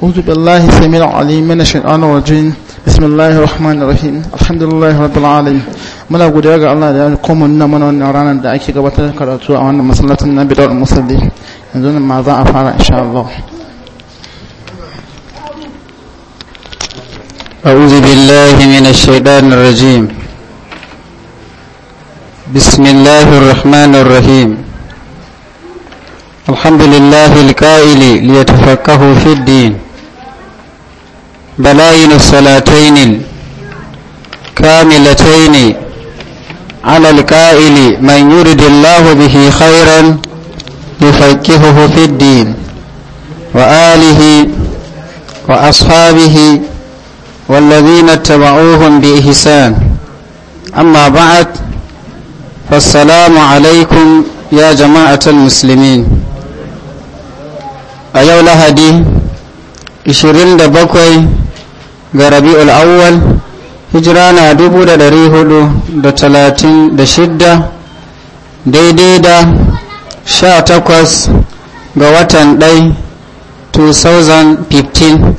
أعوذ بالله السميع العليم من الشيطان الرجيم بسم الله الرحمن الرحيم الحمد لله رب العالمين ملا غدياغا الله دا قوم نمن نران دا كي غبت كراتو اون مسلات النبي دور المصلي ندون ما ذا افار ان شاء الله أعوذ بالله من الشيطان الرجيم بسم الله الرحمن الرحيم الحمد لله القائل ليتفقهوا في الدين بلاين الصلاتين الكاملتين على القائل من يرد الله به خيرا يفكهه في الدين وآله وأصحابه والذين اتبعوهم بإحسان أما بعد فالسلام عليكم يا جماعة المسلمين a yau lahadi 27 ga rabi'ul awwal hijira na 436 daidai da 18 ga watan ɗai 2015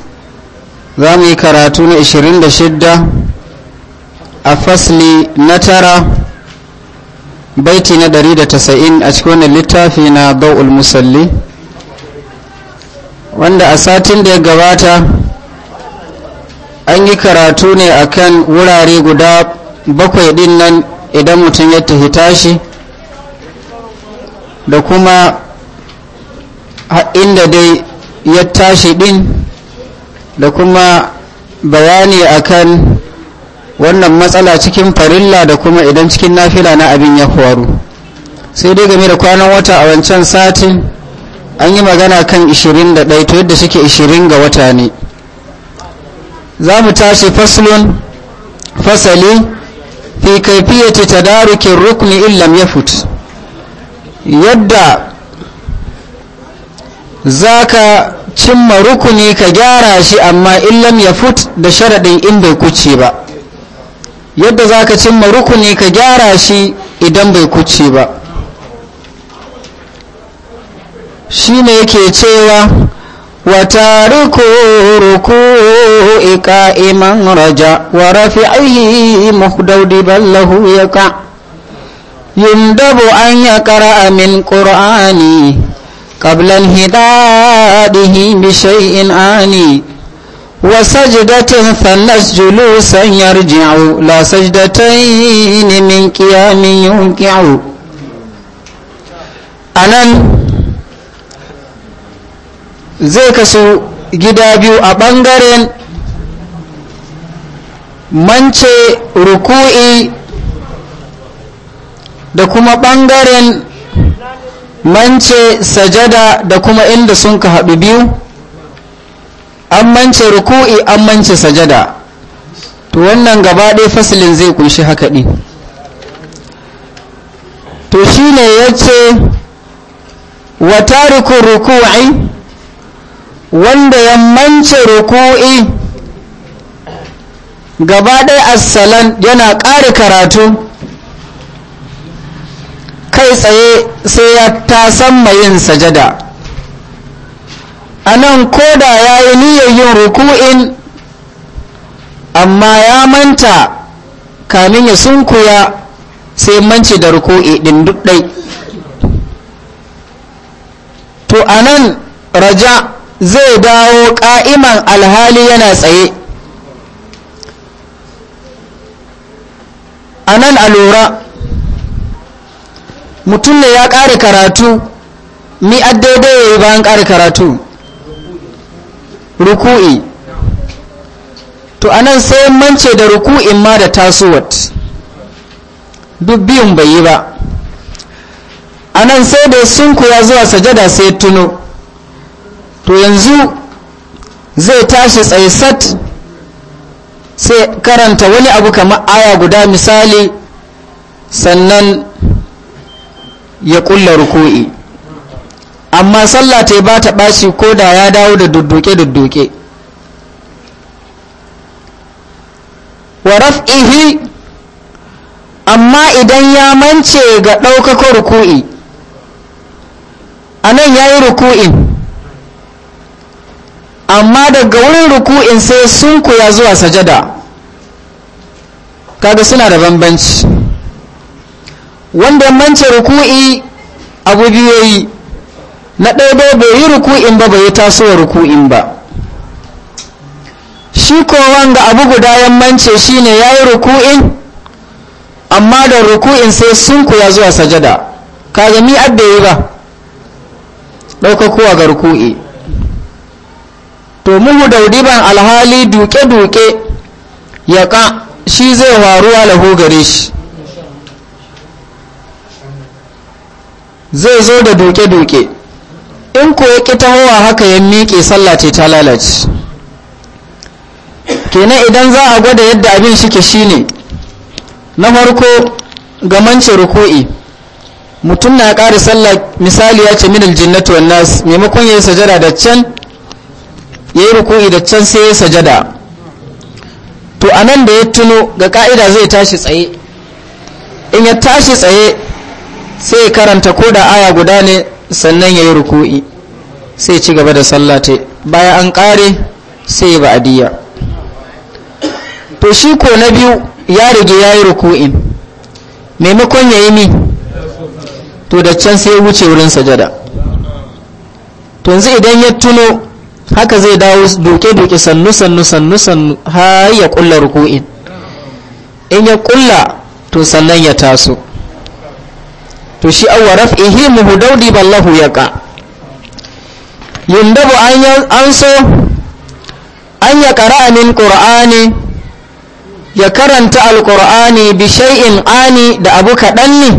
za mu yi karatu na 26 a fasli na tara baiti na 190 a cikin wani littafi na baul musalli wanda a satin da ya gabata an yi karatu ne akan wurare guda bakwai din nan idan mutum ya tafi tashi da kuma inda dai ya tashi din da kuma bayani akan wannan matsala cikin farilla da kuma idan cikin nafila na abin ya faru sai dai game da kwanan wata a wancan satin an yi magana kan 21 to yadda suke 20 ga wata ne za mu tashi faslun fasali fi kaifiyati tadarukin rukuni illam ya fut yadda za ka cimma rukuni ka gyara shi amma illam ya fut da sharaɗin in bai kuce ba yadda za ka cimma rukuni ka gyara shi idan bai kuce ba shi ne yake cewa wa tariku ika iman raja wa rafi'ihi muhdawdi ballahu yin yundabu an amin min ƙablan qabla hidadihi bi ani wa sajdatin thalas julusan yarji'u la ne min kiyamin yunqi'u anan zai kasu gida biyu a ɓangaren mance ruku'i da kuma ɓangaren mance sajada da kuma inda sun ka haɗu biyu an mance ruku'i an mance sajada to wannan gaba ɗaya fasilin zai kunshi haka ɗi to shi ne ya ce wa tarikun ruku'i wanda ya mance ruku'i gaba ɗaya assalan yana ƙari karatu kai tsaye sai ya tasan mayin sajada a nan da ya yi niyyar yin ruku'in amma ya manta kamin ya sunkuya sai manci da ruku'i ɗin duk ɗai to a nan raja zai dawo ƙa'iman alhali yana tsaye a nan a lura mutum ne ya ƙare karatu mi daidai ya yi bayan ƙare karatu ruku'i to a nan sai mance da ruku'in ma da tasowat duk biyun bai yi ba a nan sai da sunkuya zuwa sajada sai tuno to yanzu zai tashi tsaisat sai karanta wani abu kamar aya guda misali sannan ya kulla ruku'i amma sallah ta ba ta ɓaci ko da ya dawo da dudduke-dudduke wa raf'ihi amma idan ya mance ga ɗaukaka ruku'i a nan ya yi ruku'in amma daga wurin ruku'in sai sun kuya zuwa sajada kaga suna da bambanci wanda mance ruku'i abu biyu yi na ɗaya bai yi ruku'in ba bai yi tasowar ruku'in ba shi ko wanga abu guda shi shine ya yi ruku'in amma da ruku'in sai sun kuya zuwa sajada kaga mi abda yi ba ɗaukakowa ga ruku'i to muhu ban alhali duke-duke ya ka shi zai waruwa lahu gare shi zai zo da duke-duke in ko ya ƙi tahowa haka ya miƙe sallah ce ta lalace kenan idan za a gwada yadda abin shike shine na farko gamance ruku'i mutum na ƙari sallar misali ya ce minal jinnatu wannan maimakon maimakon yi sajara da can ya yi ruku'i da can sai ya sajada to a nan da ya tuno ga ka'ida zai tashi tsaye in ya tashi tsaye sai ya karanta ko da aya guda ne sannan ya yi ruku'i sai ci gaba da sallah ta an kare sai ya ba'adiyya to shi ko na biyu ya rige yayi ruku'in maimakon yayi ni to da can sai ya wuce wurin sajada to idan ya tuno haka zai dawo doke-doke sannu-sannu-sannu har ya kulla ruku'in in ya kulla to sannan ya taso to shi awwa raf'ihi muhudaudi ballahu yaqa yundabu an an so an ya qara'a min qur'ani ya karanta alqur'ani bi shay'in ani da abu kaɗan ne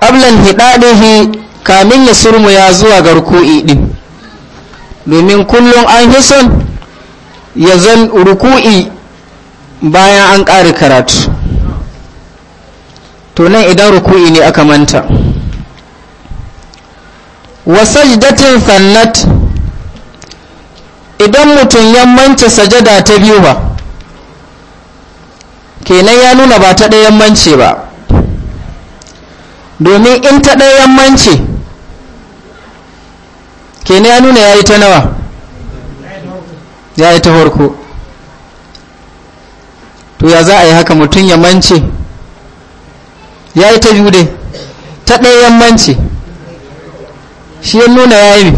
qablan hidadihi kamin ya surmu ya zuwa ga ruku'i din domin kullum an fi son ya zan ruku'i bayan an ƙari karatu to nan idan ruku'i ne aka manta wasajdatin sannat idan mutum ya manta sajada ta biyu ba kenan ya nuna ba ta ɗayan mance ba domin in ta ɗayan mance kenan ya nuna ya yi ta nawa ya yi ta farko to ya za a yi haka mutum ya mance yi ta biyu dai ta ɗaya mance shi ya nuna ya yi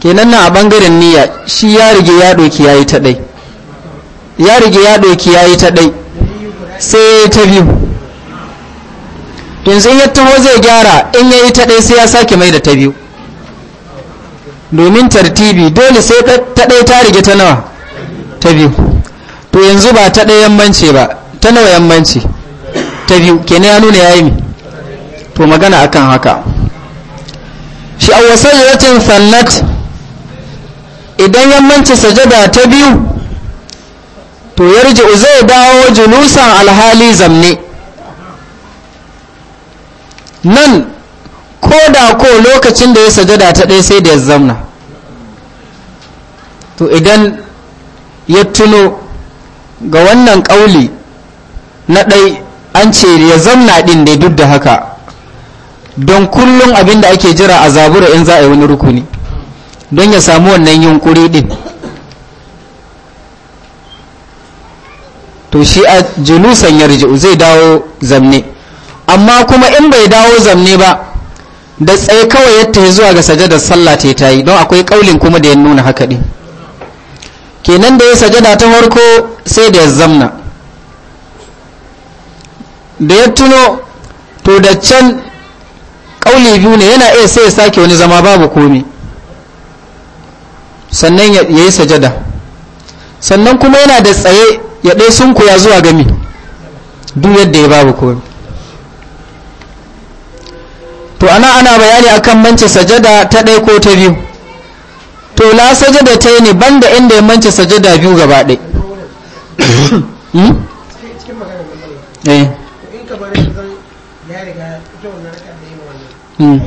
kenan na a bangaren niyya shi ya rige ya ya yi ta ɗai ya rige ya ya yi ta ɗai sai ya yi ta biyu yanzu in ya taho zai gyara in ya yi ta ɗai sai ya sake mai da ta biyu domin tartibi dole sai ta ɗaya ta rige ta nawa ta biyu to yanzu ba ta ɗaya yammanci ba ta nawa yammanci ta biyu kenan ya nuna yayi to magana akan haka shi a wasayyacin sannat idan yammanci sajada ta biyu to yarji zai dawo julusan alhali zamne nan ko da ko lokacin da ya sajada ta ɗaya sai da ya zamna to idan ya tuno ga wannan ƙauli na ɗai an ce ya zamna ɗin da duk da haka don kullum abin da ake jira a zabura in za a yi wani rukuni don ya samu wannan yunkuri ɗin to shi a julusan yarji'u zai dawo zamne amma kuma in bai dawo zamne ba da tsaye kawai yadda ya zuwa ga sajadar sallah ta ta yi don akwai kaulin kuma da ya nuna haka ne kenan da ya sajada ta farko sai da ya zamna da ya tuno to da can kauli biyu ne yana iya sai ya sake wani zama babu komi sannan ya yi sajada sannan kuma yana da tsaye ya ɗai sunkuya zuwa gami duk yadda ya babu komi to ana ana bayani akan mance sajada ta ɗaya ko ta biyu to la sajada ta yi ne banda inda ya mance sajada biyu gaba ɗai hmm? eh. hmm.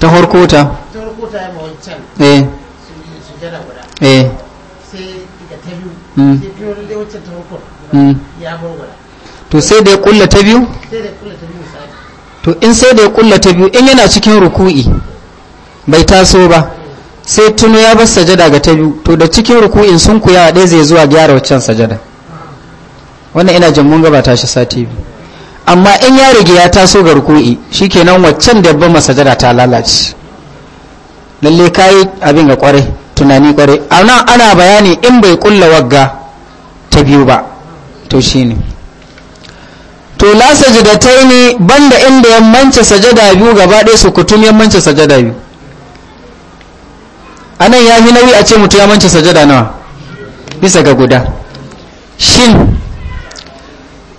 ta harko ta sai ta biyu sai ta ya to sai da ya kulla ta biyu to in sai da ya kulla ta biyu in yana cikin ruku'i bai taso ba sai tuno ya bar sajada ga ta biyu to da cikin ruku'in sun kuya ɗaya zai zuwa gyara waccan sajada wannan ina jin mun gabata shi sati biyu amma in ya rage ya taso ga ruku'i shikenan waccan da ban masajada ta lalace lalle kayi abin ga kwarai tunani kwarai ana ana bayani in bai kulla wagga ta biyu ba to shine to la sajidatai ne banda inda yammanci sajada biyu gaba ɗaya su kutum yammanci sajada biyu a nan ya fi nauyi a ce mutu yammanci sajada nawa bisa ga guda shin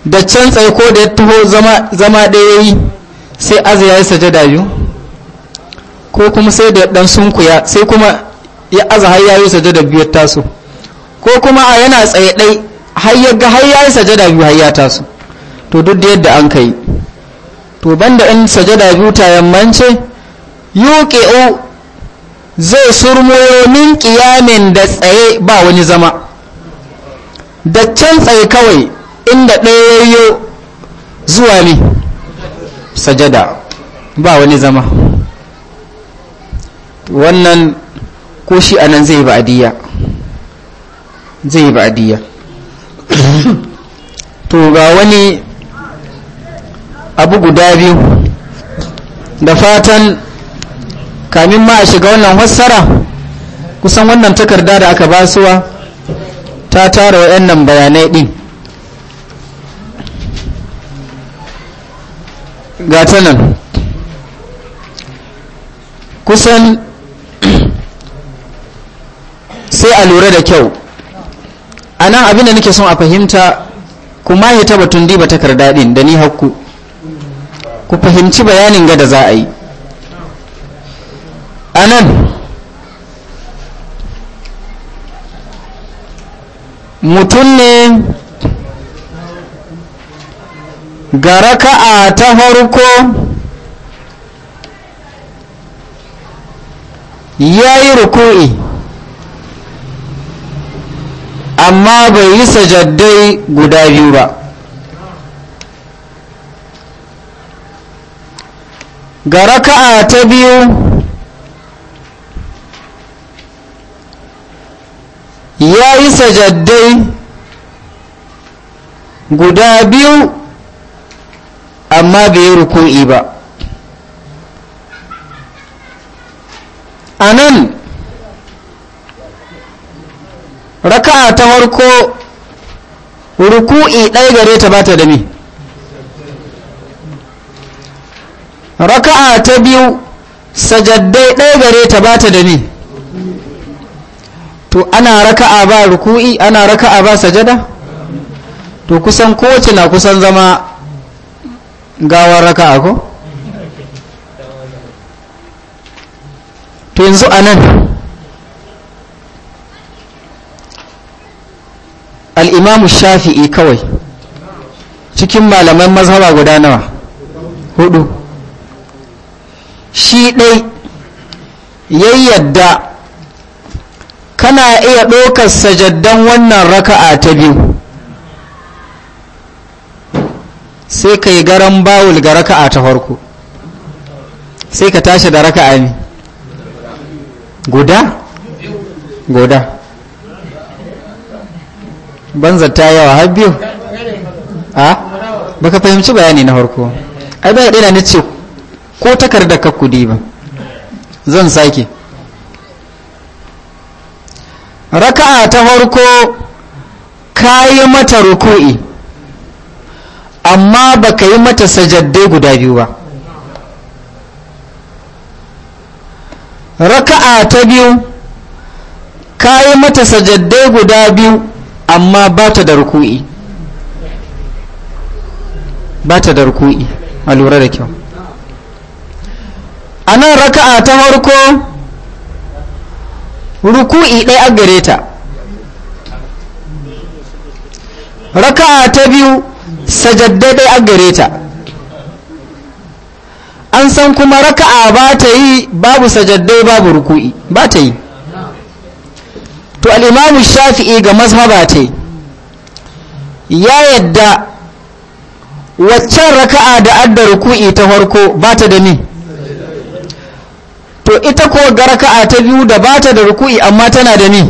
da can tsaye ko da ya taho zama ɗaya yi sai aza ya yi sajada biyu ko kuma sai da ɗan sunkuya sai kuma ya aza har ya yi sajada biyu taso ko kuma a yana tsaye ɗai har ya ga har ya yi sajada biyu har ya taso to duk da yadda an kai to banda in sajada biyu ta yammance yuqi'u zai surmuyo min qiyamin da tsaye ba wani zama da can tsaye kawai inda ɗaya yayyo zuwa ne sajada ba wani zama wannan ko shi a nan zai ba adiya zai ba adiya to ga wani abu guda biyu da fatan kamin ma a shiga wannan fassara kusan wannan takarda da aka basuwa ta tara waɗannan bayanai ɗin gata nan kusan sai a lura da kyau a nan da nake son a fahimta kuma ya taba tundi ba takarda din da ni hakku ku fahimci bayanin ga da za a yi a nan mutum ne ga raka'a ta farko ya yi ruku'i amma bai yi sajaddai guda biyu ba ga raka'a ta biyu ya yi sajaddai guda biyu amma bai yi ruku'i ba a nan raka'a ta farko ruku'i ɗaya gare ta bata da mi raka'a ta biyu sajaddai ɗaya gare ta ba ta da ni to ana raka'a ba ruku'i ana raka'a ba sajada to kusan kowace na kusan zama gawar raka'a ko to yanzu a nan al'imamu shafi'i kawai cikin malaman mazhaba guda nawa hudu shi ɗai ya yadda kana iya ɗaukar sajaddan wannan raka'a ta biyu sai ka yi garan bawul ga raka'a ta farko sai ka tashi da raka'a ne guda guda banza ta yawa har biyu a baka fahimci bayani na farko ai bai ɗina na ce ko takarda ka kudi ba zan sake raka'a ta farko ka yi mata ruku'i amma ba ka yi mata sajaddai guda biyu ba raka'a ta biyu ka yi mata sajaddai guda biyu amma ba ta da ruku'i ba ta da ruku'i a lura da kyau a nan raka'a ta farko ruku'i ɗaya a gare ta raka'a ta biyu sajadda ɗaya a gare ta an san kuma raka'a ba ta yi babu sajadda babu ruku'i ba ta yi to al'imamu shafi'i ga mazhaba ta ya yadda waccan raka'a da adda ruku'i ta farko ba ta da ni. to ita ko a ta biyu da bata da ruku'i amma tana da ni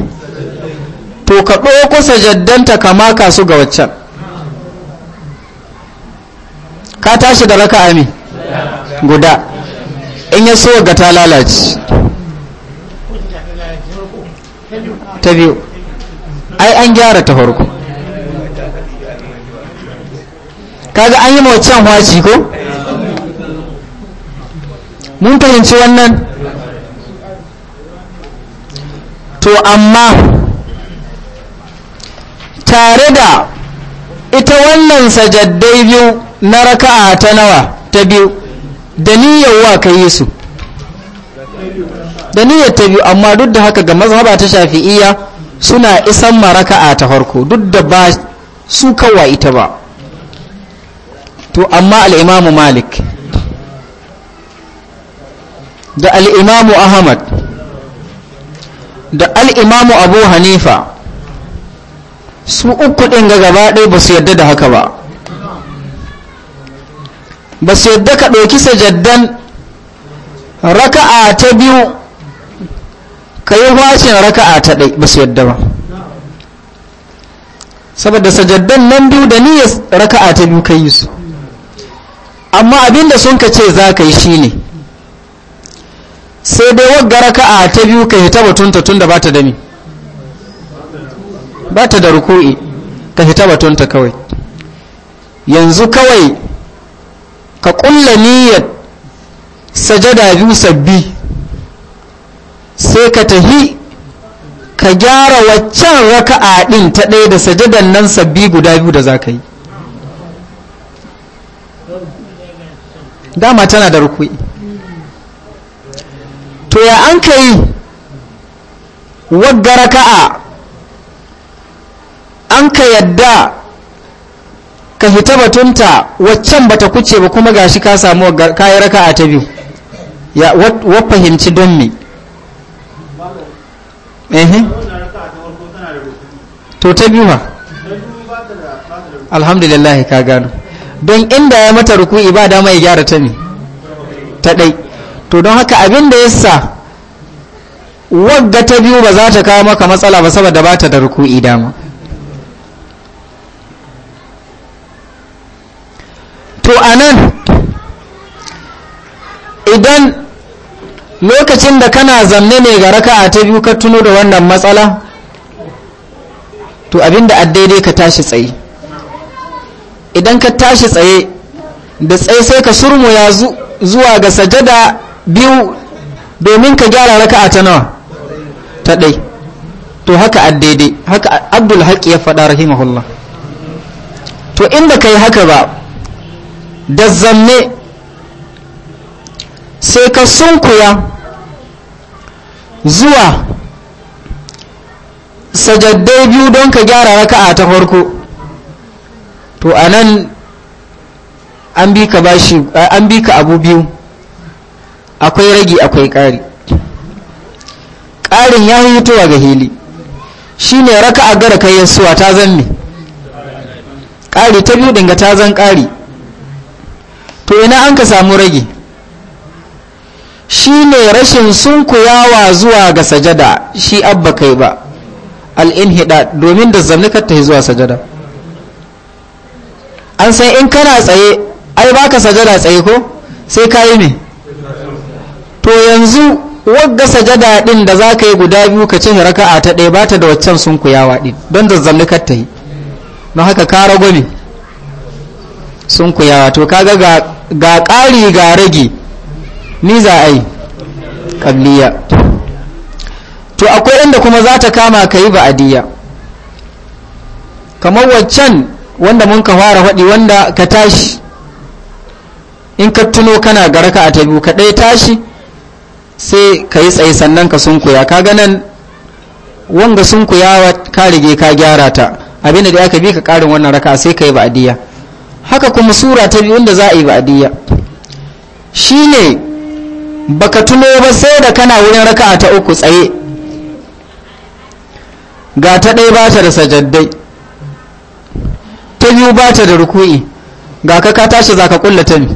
to ka ɗauko sajaddanta ka maka su ga waccan ka tashi da raka'a ami guda in ya so ga ta lalace ta biyu ai an gyara ta farko kaga an yi mawaccan hwaci ko mun fahimci wannan to amma tare da ita wannan sajaddai biyu na raka'a ta nawa ta biyu da niyyar wa ka yi su da niyyar ta biyu amma duk da haka ga mazhaba ta shafi'iyya suna isan ma a ta harko duk da ba su kawai ita ba to amma al'imamu malik da al'imamu ahmad da al'imamu abu hanifa su uku ɗin ga gaba ɗai ba su yadda da haka ba ba su yadda ka ɗauki sajaddan raka'a ta biyu ka yi wacin raka'a ta ɗai ba su yadda ba saboda sajaddan nan biyu da niyyar raka'a ta biyu ka yi su amma abinda sun ka ce za ka yi shi ne sai dai wagga raka'a ta biyu ka hita batunta tun da bata da ni bata da ruku'i ka hita batunta kawai yanzu kawai ka kulla niyyar sajada biyu sabbi sai ka tahi ka gyara waccan raka'a din ta ɗaya da sajadan nan sabbi guda biyu da za ka yi dama tana da ruku'i to ya an ka yi wagga raka'a an ka yadda ka fita batunta waccan bata kuce ba kuma gashi ka samu kayi raka'a ta biyu ya wa fahimci don me to ta biyu ma alhamdulillah ka gano don inda ya mata ruku'i ba dama ya gyara ta ne ta ɗai to don haka abin da yasa wagga ta biyu ba za ta kawo maka matsala ba saboda ba ta da ruku'i dama to nan, idan lokacin da kana zanne ne ga raka'a ta biyu ka tuno da wannan matsala to abinda addaidai ka tashi tsaye idan ka tashi tsaye da tsaye sai ka shirmu ya zuwa ga sajada biyu domin ka gyara raka'a ta nawa ta ɗai to haka addaidai haka abdul haƙi ya faɗa rahimahullah to inda ka yi haka ba da zanne sai ka sunkuya zuwa sajaddai biyu don ka gyara raka'a ta farko to anan an bi ka abu biyu akwai ragi akwai ƙari ƙarin ya hutuwa ga hili shi ne raka a gara kai yasuwa ta zan ne ƙari ta biyu dinga ta zan ƙari to ina an ka samu ragi shi ne rashin sunkuyawa zuwa ga sajada shi abba kai ba al'inhida domin da zannikar ta zuwa sajada an san in kana tsaye ai baka sajada tsaye ko sai ka yi ne to yanzu wagga sajada din da za ka yi guda biyu ka cin raka'a ta ɗaya ba ta da waccan sun kuyawa din don zazzalli kar ta yi don haka ka rago ne sun kuyawa to kaga ga ƙari ga rage ni za a yi ƙabliya to akwai inda kuma za ta kama ka yi ba'adiyya kamar waccan wanda mun ka fara faɗi wanda ka tashi in ka tuno kana ga raka'a ta biyu ka ɗaya tashi sai ka yi tsaye sannan ka sunkuya ka ganan wanga sunkuyawa ka rige ka gyara ta abinda da aka bi ka karin wannan raka sai ka yi ba'adiyya haka kuma sura ta biyu da za a yi ba'adiyya shine baka tuno ba sai da kana wurin raka ta uku tsaye ga ta ɗaya ba ta da sajaddai ta biyu ba ta da ruku'i ga ka ka tashi za ka kulla ta ne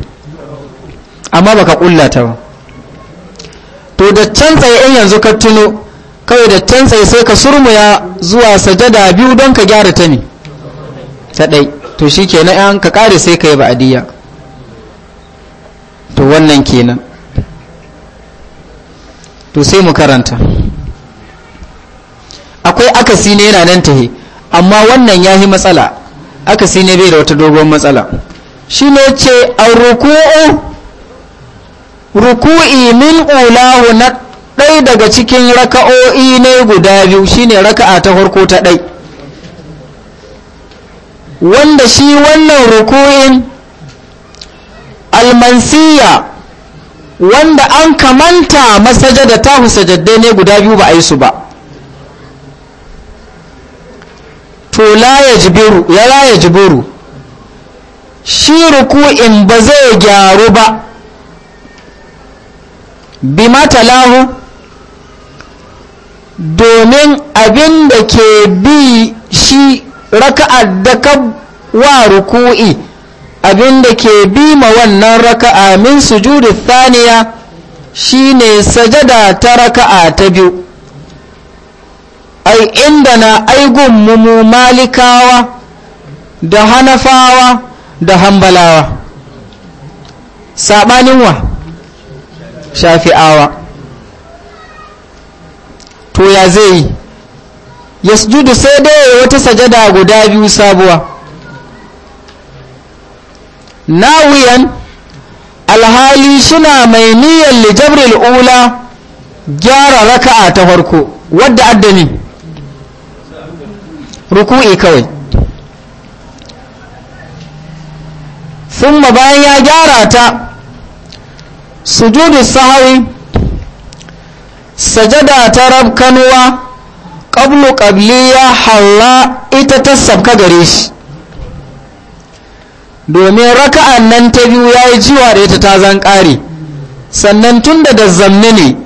amma baka kulla ta ba to da can tsaye in yanzu ka tuno kawai da can tsaye sai ka surmuya zuwa sajada biyu don ka gyara ta ne ta ɗai to shi ke na ka ƙare sai ka yi ba'adiyya to wannan kenan to sai mu karanta akwai akasi ne yana nan tahe amma wannan ya yi matsala akasi ne bai da wata dogon matsala shi ne ce a ruku'u ruku'i min ulahu na ɗai daga cikin raka'o'i ne guda biyu shine raka'a ta farko ta ɗai wanda shi wannan ruku'in almansiya wanda an kamanta masajada ta husajadde ne guda biyu ba a yi su ba to la ya jibiru ya la shi ruku'in ba zai gyaru ba bima talahu domin abin da ke bi shi raka'ar da ka wa ruku'i abin da ke bi ma wannan raka'a min sujudi thaniya shine sajada ta raka'a ta biyu ai inda na aigun mu malikawa da hanafawa da hambalawa saɓanin wa shafi'awa to ya zai yi ya judu sai dai wata sajada guda biyu sabuwa nawiyan alhali shina mai niyyar lijabril ula gyara raka'a ta farko wadda addani ruku'i kawai sun bayan ya gyara ta sujudu sahawi sajada ta rabkanuwa ƙablu ƙabliya halla ita ta sabka gare shi domin raka'an nan ta biyu ya yi jiwa da ita ta zan ƙare sannan tun da dazzamni ne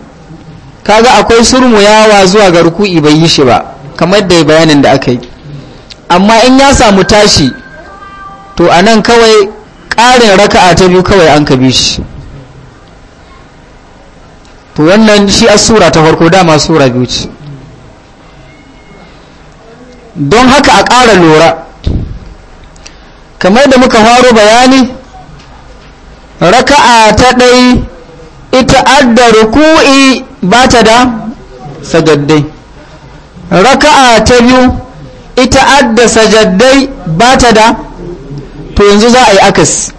kaga akwai surmu yawa zuwa ga ruku'i bai yi shi ba kamar da bayanin da aka yi amma in ya samu tashi to a nan kawai ƙarin raka'a ta biyu kawai an ka bi shi to wannan shi a sura ta farko dama sura biyu ce don haka a ƙara lura kamar da muka faro bayani raka'a ta ɗai ita adda ruku'i ba ta da sajaddai raka'a ta biyu ita adda sajaddai ba ta da to yanzu za a yi akasi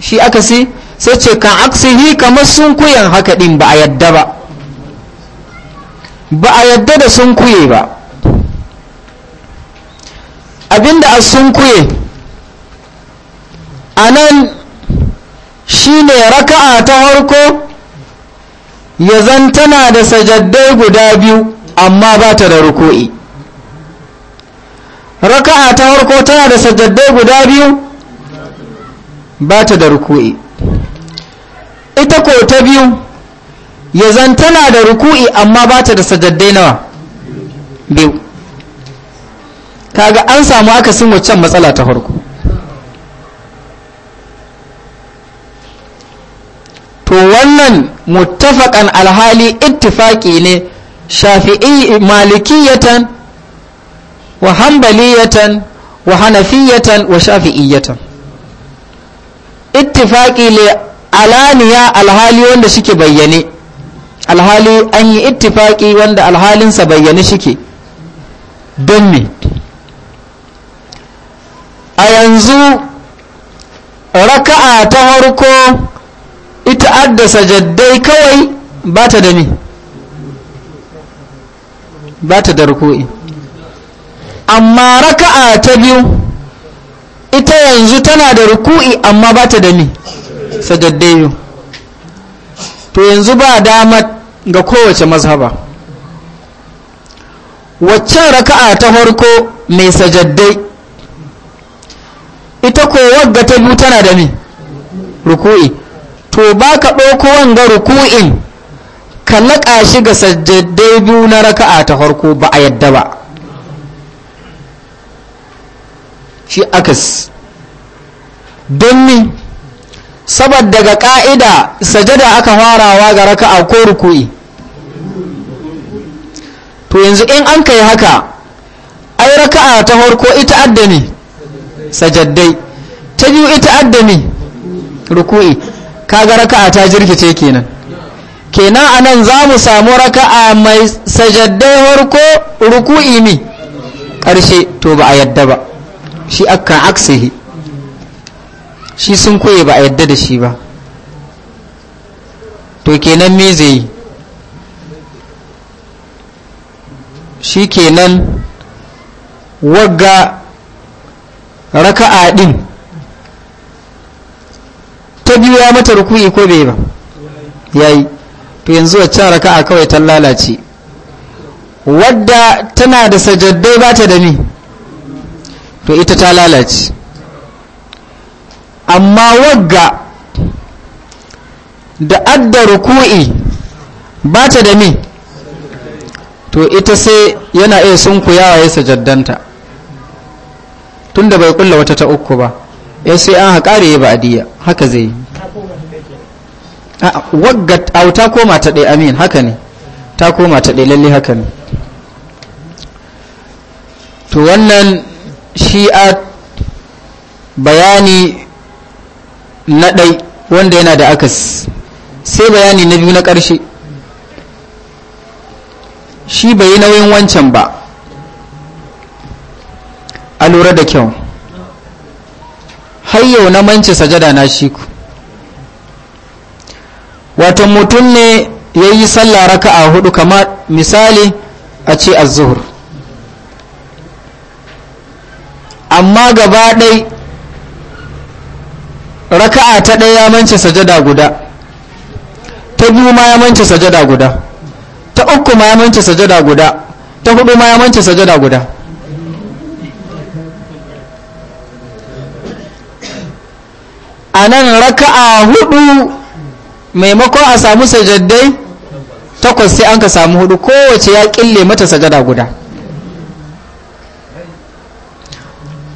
shi akasi sai ce kan aksihi kamar sunkuyen haka din ba a yadda ba ba a yadda da sunkuye ba abinda a sunkuye a nan shi ne raka'a ta harko ya zantana tana da sajaddai guda biyu amma ba ta da ruku'i raka'a ta harko tana da sajaddai guda biyu ba ta da ruku'i ita ko ta biyu ya zantana da ruku'i amma ba ta da sajaddai nawa biyu kaga an samu akasin waccan matsala ta farko to wannan muttafaƙan alhali ittifaqi ne shafi'i malikiyatan wa hanbaliyatan wa hanafiyatan wa shafi'iyatan ittifaƙi alaniya alhali wanda shike bayyane alhali an yi ittifaki wanda alhalinsa bayyane shike don me a yanzu raka'a ta harko ita addasa jaddai kawai ba ta da me ba ta da ruku'i amma raka'a ta biyu ita yanzu tana da ruku'i amma ba ta da me sajaddayu to yanzu ba dama ga kowace mazhaba waccan raka'a ta farko mai sajaddai ita ko wagga ta biyu tana da me ruku'i to ba ka ɗauko wanga ruku'in ka laƙa shi ga sajaddai biyu na raka'a ta farko ba a yadda ba shi akas don ne Sabar daga ƙa'ida sajada aka farawa ga raka'a ko ruku'i to yanzu in an kai haka ai raka'a ta farko ita addami sajaddai ta biyu ita addami ruku'i kaga raka'a ta jirgice kenan kenan nan za mu samu raka'a mai sajaddai farko ruku'i mi ƙarshe to ba a yadda ba shi akan aksihi shi sun koye ba a yadda da shi ba to kenan me zai yi shi kenan wagga raka'a din ta biyu ya mata ruku'i ko bai ba yayi to yanzu a can raka'a kawai ta lalace wadda tana da sajaddai ba ta da ni to ita ta lalace amma wagga da adda ruku'i ba ta da mi to ita sai yana iya sunkuyawa ya sajaddanta tunda bai kulla wata ta uku ba ya eh, sai an haƙari ya ba'adiyya haka zai yi wagga ta koma ta ɗaya amin haka ne ta koma ta ɗaya lalle haka ne to wannan shi'a bayani na ɗai wanda yana da akas sai bayani na biyu na ƙarshe shi bai yi nauyin wancan ba a lura da kyau hayyau na manci sajada na shi ku wata mutum ne ya yi sallah raka a hudu kamar misali a ce a zuhur amma gaba ɗai raka'a ta ɗaya ya mance sajada guda ta biyu ma ya mance sajada guda ta uku ma ya mance sajada guda ta hudu ma ya mance sajada guda a nan raka'a hudu maimakon a samu sajaddai takwas sai an ka samu hudu kowace ya kille mata sajada guda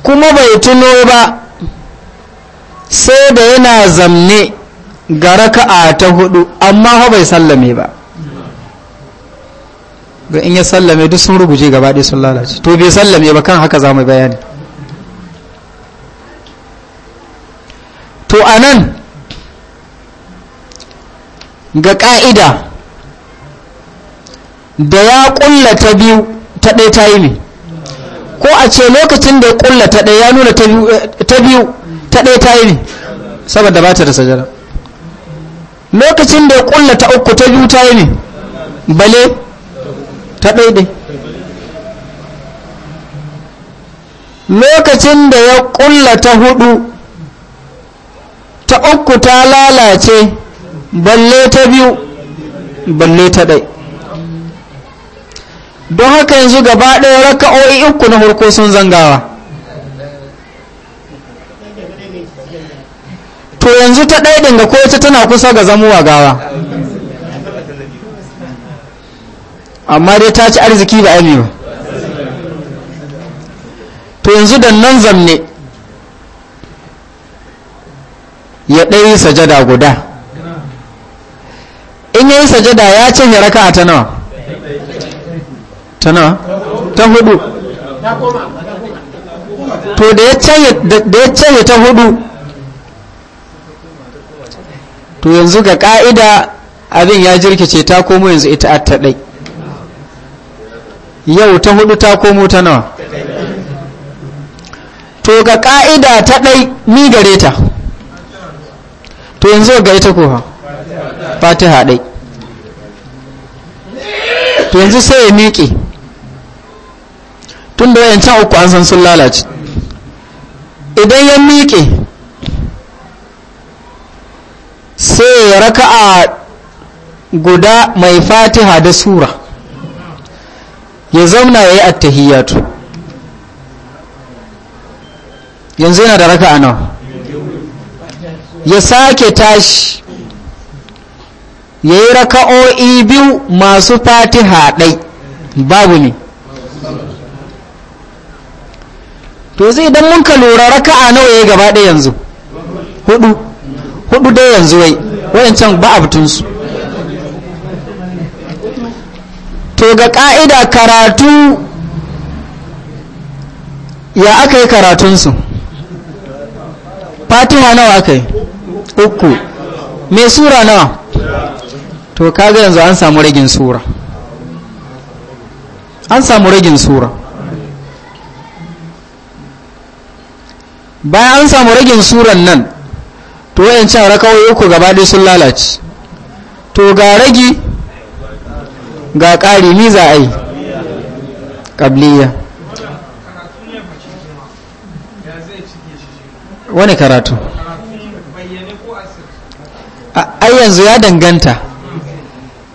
kuma bai tuno ba sai da yana zamne ga raka'a ta hudu amma bai sallame ba ga in ya sallame duk sun ruguje gaba ɗaya sun lalace to bai sallame ba kan haka za mu bayani to a nan ga ƙa'ida da ya ƙulla ta biyu ta ɗaya ta yi ne ko a ce lokacin da ya ƙulla ta ɗaya ya nuna ta biyu eh, ta ɗaya ta yi ne saboda ba ta da sajara lokacin da ya kulla ta uku ta biyu ta yi ne bale ta ɗaya-ɗaya. lokacin da ya kulla ta hudu ta uku ta lalace balle ta biyu balle ta ɗai don haka yanzu gaba ɗaya raka'o'i uku na farko sun zangawa to yanzu ta ɗaya dinga ko ita tana kusa ga wa gawa amma dai ta ci arziki ba ami ba to yanzu da nan zamne ya ɗaya sajada guda in yi sajada ya cinye raka ta nawa ta nawa ta hudu to da ya canye ta hudu to yanzu ga ka'ida abin ya jirkice ta komo yanzu ita a ta ɗai yau ta hudu ta komo ta nawa to ga ka'ida ta ɗai ni gare ta to yanzu ga ita ko ha fatiha ɗai to yanzu sai ya miƙe tun da wayancan uku an san sun lalace idan ya miƙe sai ya raka'a guda mai fatiha da sura ya zauna ya yi attahiyatu yanzu yana da raka'a nawa ya sake tashi ya yi raka'o'i biyu masu fatiha ɗai babu ne to zai idan mun ka lura raka'a nawa ya gaba ɗaya yanzu hudu hudu dai yanzu wai wayancan ba a su to ga ka'ida karatu ya aka yi karatunsu fatima nawa aka yi uku mai sura nawa to kaga yanzu an samu ragin sura an samu ragin sura bayan an samu ragin suran nan to wayancan rakawai uku gaba ɗaya sun lalace to ga ragi ga ƙari ni za a yi ƙabliya wani karatu ai yanzu ya danganta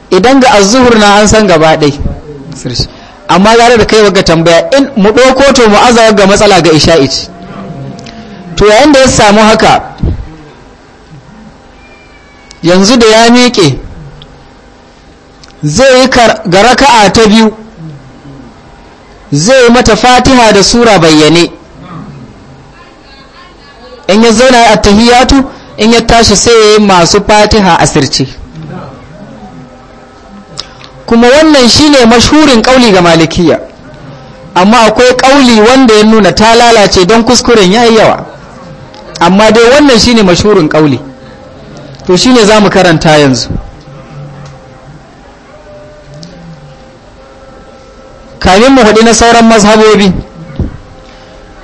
idan ga azuhur na an san gaba ɗai amma gare da kai waga tambaya in mu ɗauko to mu azawar ga matsala ga isha'ici to yayin da ya samu haka yanzu da ya miƙe zai yi ga raka'a ta biyu zai yi mata fatiha da sura bayyane in ya zauna a tahiyatu in ya tashi sai ya yi masu fatiha a sirce kuma wannan shine mashhurin kauli ga malikiya amma akwai kauli wanda ya nuna ta lalace don kuskuren ya yi yawa amma dai wannan shine mashhurin kauli to shine za mu karanta yanzu kamin mu hudu na sauran mazhabobi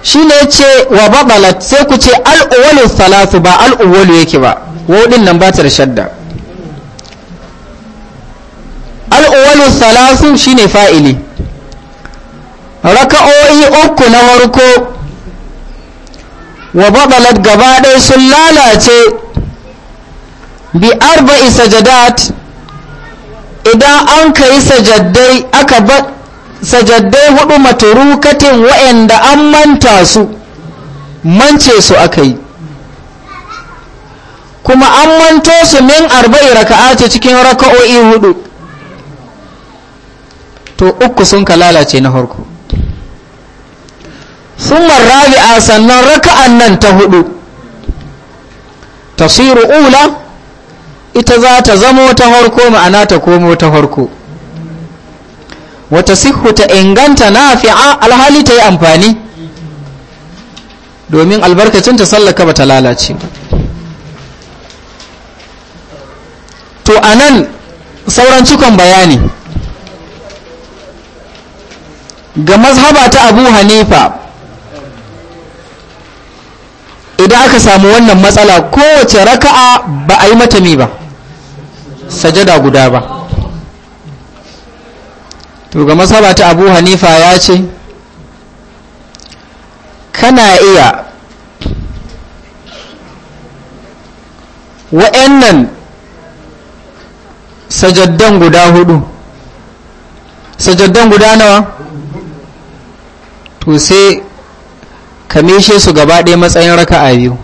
shi ne ce wa babala sai ku ce al'uwalu salatu ba al'uwalu yake ba waɗin nan ba ta da shadda al'uwalu salatu shi ne fa'ili raka'o'i uku na warko wa babalat gaba ɗaya sun lalace bi arba'i sajadat idan an ka yi sajaddai aka ba sajaddai hudu maturukatin wa'anda an manta su mance su aka yi kuma an manto su min arba'i raka'ati cikin raka'o'i hudu to uku sun ka lalace na harko sumar a sannan raka'an nan ta hudu tasiru ula ita za ta zama ta harko ma'ana ta komo ta harko wata sihu ta inganta na fi alhali ta yi amfani domin albarkacin ta sallaka ba ta lalace to anan sauran cikon bayani ga mazhaba ta abu hanifa idan aka samu wannan matsala kowace raka'a ba a yi matami ba sajada guda ba to ga masaba ta abu hanifa ya ce kana iya wa'annan sajaddan guda hudu sajaddan guda nawa to sai kamishe su gaba ɗaya matsayin a biyu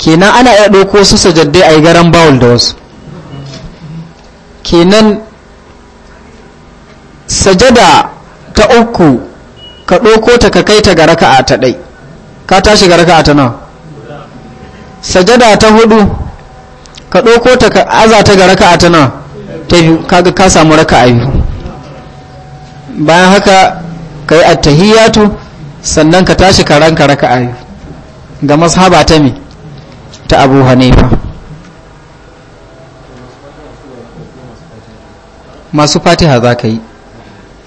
kenan ana iya ɗauko su sajaddai a yi garan bawul da wasu kenan sajada ta uku ka ɗauko ta ka kai ta ga raka'a ta ɗai ka tashi ga raka'a ta nawa sajada ta hudu ka ɗauko ta ka aza ta ga raka'a ta nawa ta biyu kaga ka samu raka'a biyu bayan haka ka yi attahiyatu sannan ka tashi ka ranka raka'a biyu ga mashaba ta me ta abu hanifa masu fatiha za ka yi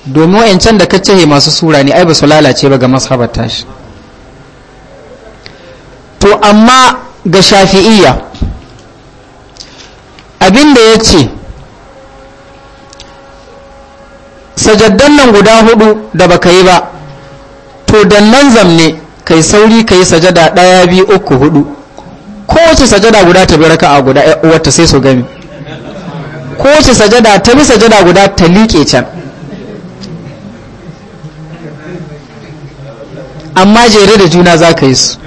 domin wa'ancan da kacce masu sura ne ai ba su lalace ba ga masu tashi to amma ga shafi'iyya abinda ya ce sajaddan nan guda hudu da baka yi ba to dannan zamne kai sauri kai sajada daya biyu uku hudu Ko kowace sajada guda ta bi raka'a guda eh, uwarta sai su gani kowace sajada ta bi sajada guda ta liƙe can amma jere da juna za ka yi su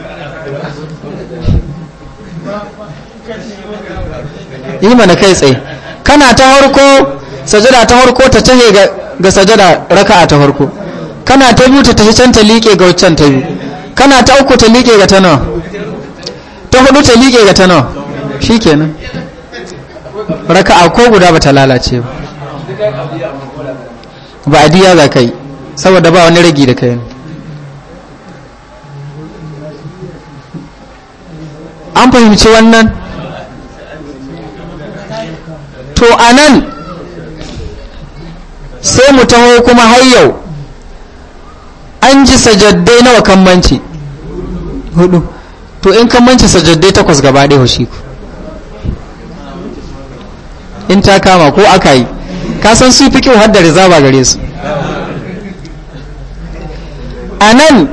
yi mana kai tsaye kana ta harko sajada ta harko ta tahe ga sajada raka'a ta harko kana ta biyu ta tafi can ta liƙe ga waccan ta biyu kana ta uku ta liƙe ga ta nawa ta hudu ta liƙe ga ta nawa shi kenan raka'a ko guda ba ta lalace ba ba diya za ka yi saboda ba wani ragi da ka yi an fahimci wannan to a nan sai mu taho kuma har yau an ji sajaddai nawa kammanci hudu to in kan manci sajaddai takwas gaba ɗaya ku in ta kama ko aka yi kasan su fi kyau haddare zaba gare su a nan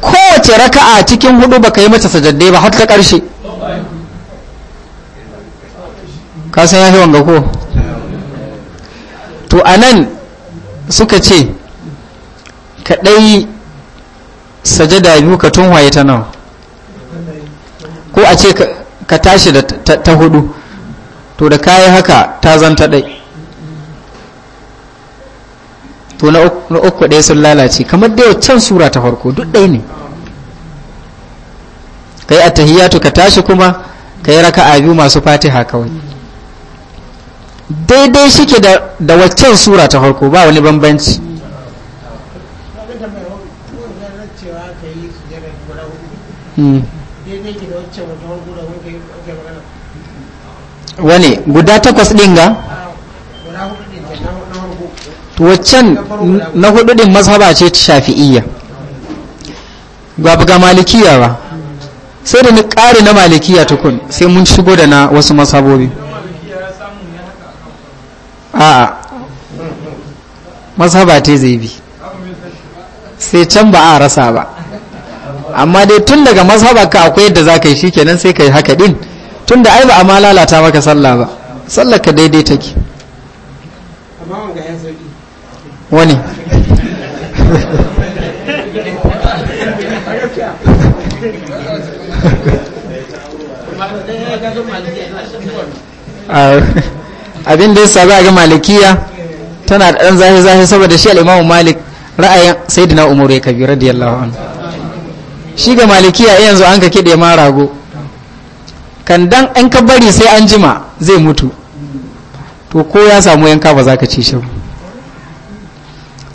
kowace raka'a cikin hudu baka yi mata sajaddai ba har ta ƙarshe kasan ya fi wanga ko to a nan suka ce ka ɗai sajada biyu ka tun waye ta nawa ko a ce ka tashi da ta hudu to da kayi haka ta zanta ɗai to na uku ɗaya sun lalace kamar da can sura ta farko duk ɗai ne ka yi a tahiyatu ka tashi kuma ka yi raka biyu masu fatiha kawai daidai shike da waccan sura ta farko ba wani bambanci Hmm. wane guda takwas ɗin ga waccan na hudu ɗin mazhaba ce ta shafi'iyya ba ga malikiya ba sai da ni ƙari na malikiya tukun sai mun shigo da na wasu mazhabobi a'a mazhaba ta zai bi sai can ba a rasa ba amma dai tun daga mazhabarka akwai yadda za ka yi shi kenan sai ka yi haka din tun da ai ba a ma lalata maka sallah ba sallah ka daidai take wani abin da ya sabi a ga malikiya tana da ɗan zahe-zahe saboda shi al'imamu malik ra'ayin sai umar ya kabi radiyallahu anhu shi ga malikiya yanzu an ka kiɗe ma rago kan dan an ka bari sai an jima zai mutu to ko ya samu yanka ba za ka ci shi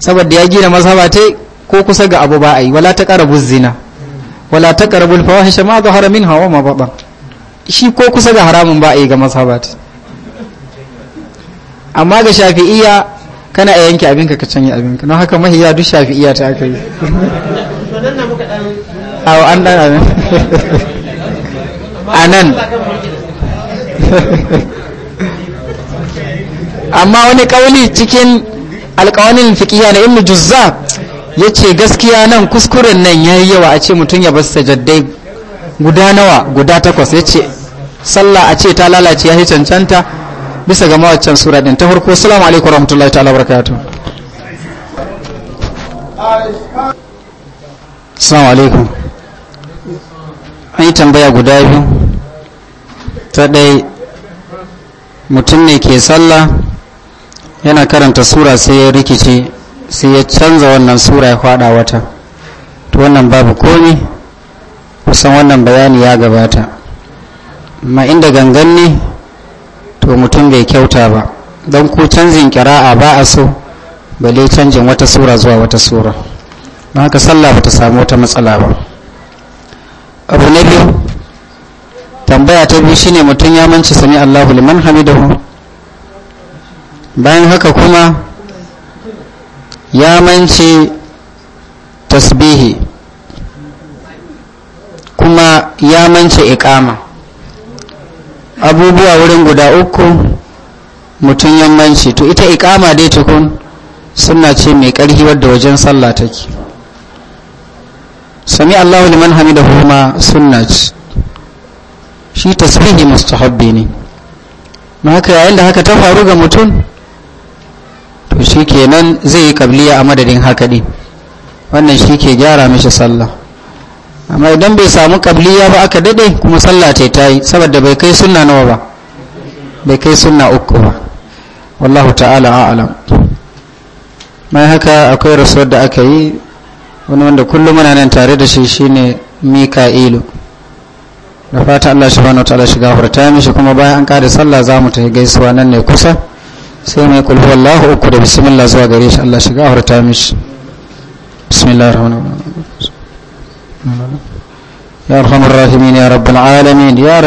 saboda ya gina mazhaba ta ko kusa ga abu ba a yi wala ta karabu zina wala ta karabu fawahisha ma zahara min hawa ma baɗa shi ko kusa ga haramun ba a yi ga mazhaba ta amma ga shafi'iya kana a yanke abinka ka canye abinka don haka mahiya duk shafi'iya ta aka yi awo an dan abin a nan amma wani kauli cikin alkawanin fikiya na ibn juzza ya ce gaskiya nan kuskuren nan ya yi yawa a ce mutum ya bar sajaddai guda nawa guda takwas ya ce sallah a ce ta lalace ya yi cancanta bisa ga mawaccan sura din ta farko salamu alaikum warahmatullahi ta'ala barakatuh salamu alaikum an yi tambaya guda biyu ta ɗai mutum ne ke sallah yana karanta sura sai ya rikici sai ya canza wannan sura ya kwada wata to wannan babu komi kusan wannan bayani ya gabata amma inda gangan ne to mutum bai kyauta ba don ko canjin kira'a ba a so balle canjin wata sura zuwa wata sura don haka sallah ba ta samu wata matsala ba abu na biyu tambaya ta biyu shine mutum ya manci sami allahu liman hamidahu bayan haka kuma ya manci tasbihi kuma ya manci ikama abubuwa wurin guda uku mutum ya manci to ita ikama dai tukun suna ce mai karhi wadda wajen sallah take sami Allahu liman hamida huma sunna shi tasbihi mustahabbi ne na haka yayin da haka ta faru ga mutum to shi nan zai yi kabliya a madadin haka din wannan shi ke gyara mishi sallah amma idan bai samu kabliya ba aka dade kuma sallah ta ta yi saboda bai kai sunna nawa ba bai kai sunna uku ba wallahu ta'ala a'alam mai haka akwai rasuwar da aka yi wani wanda kullum muna nan tare da shi shine mika'ilu da fata Allah subhanahu wataala shiga hurta mishi kuma bayan an kada sallah za mu tafi gaisuwa nan ne kusa sai mai kulhu wallahu uku da bismillah zuwa gare shi Allah shiga hurta mishi bismillah rahmanir rahim ya arhamar rahimin ya rabbal alamin ya